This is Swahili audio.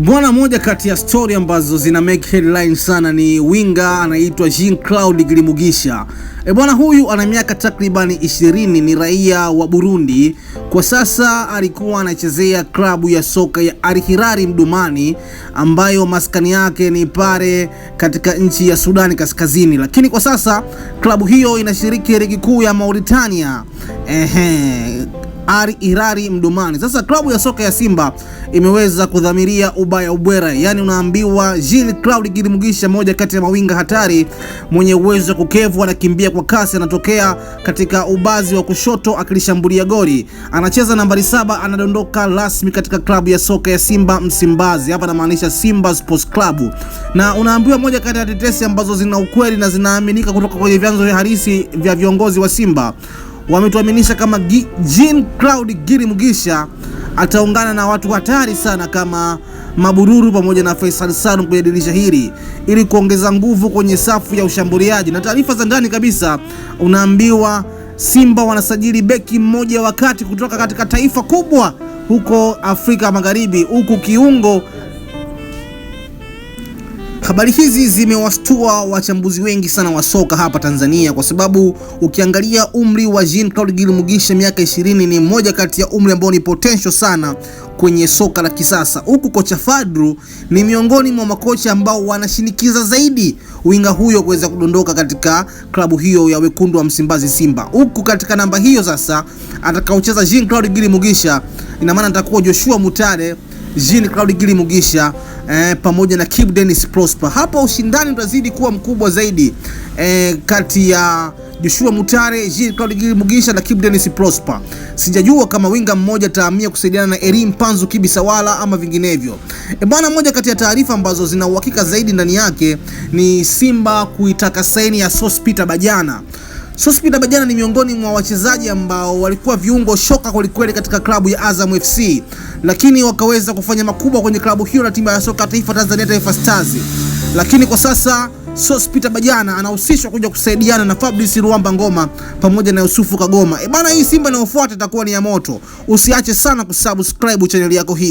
Bwana, moja kati ya stori ambazo zina make headline sana ni winga anaitwa Jean Claude Gilimugisha. E bwana, huyu ana miaka takribani 20, ni raia wa Burundi. Kwa sasa alikuwa anachezea klabu ya soka ya Al Hilal Mdumani ambayo maskani yake ni pale katika nchi ya Sudani Kaskazini, lakini kwa sasa klabu hiyo inashiriki ligi kuu ya Mauritania. Ehe ari irari mdumani Sasa klabu ya soka ya Simba imeweza kudhamiria ubaya ubwera, yaani unaambiwa Jean Claude Gilmugisha, moja kati ya mawinga hatari mwenye uwezo wa kukevu, anakimbia kwa kasi, anatokea katika ubazi wa kushoto akilishambulia goli, anacheza nambari saba, anadondoka rasmi katika klabu ya soka ya Simba Msimbazi, hapa namaanisha Simba Sports Club, na unaambiwa moja kati ya tetesi ambazo zina ukweli na zinaaminika kutoka kwenye vyanzo vya halisi vya viongozi wa Simba wametuaminisha kama Jean Claude Giri Mugisha ataungana na watu hatari sana kama Mabururu pamoja na Faisal Salum kwenye dirisha hili ili kuongeza nguvu kwenye safu ya ushambuliaji. Na taarifa za ndani kabisa, unaambiwa Simba wanasajili beki mmoja wakati kutoka katika taifa kubwa huko Afrika Magharibi, huku kiungo Habari hizi zimewastua wachambuzi wengi sana wa soka hapa Tanzania kwa sababu ukiangalia umri wa Jean Claude Gil Mugisha miaka 20 ni mmoja kati ya umri ambao ni potential sana kwenye soka la kisasa, huku kocha fadru ni miongoni mwa makocha ambao wanashinikiza zaidi winga huyo kuweza kudondoka katika klabu hiyo ya wekundu wa Msimbazi Simba, huku katika namba hiyo sasa atakaocheza Jean Claude Gilmugisha Mugisha, ina maana atakuwa Joshua Mutale Jean Claude Gili Mugisha eh, pamoja na Kibu Dennis Prosper. Hapa ushindani utazidi kuwa mkubwa zaidi eh, kati ya Joshua Mutare, Jean Claude Gili Mugisha na Kibu Dennis Prosper. Sijajua kama winga mmoja ataamia kusaidiana na eri Panzu Kibisawala ama vinginevyo. E bwana, moja kati ya taarifa ambazo zina uhakika zaidi ndani yake ni Simba kuitaka saini ya Sospeter Bajana. Sospeed bajana ni miongoni mwa wachezaji ambao walikuwa viungo shoka kwelikweli katika klabu ya Azam FC, lakini wakaweza kufanya makubwa kwenye klabu hiyo na timu ya soka taifa Tanzania Taifa Stars. Lakini kwa sasa Sospeed bajana anahusishwa kuja kusaidiana na Fabrice Ruamba Ngoma pamoja na Yusufu Kagoma. E bana, hii Simba inayofuata itakuwa ni ya moto. Usiache sana kusubscribe chaneli yako hii.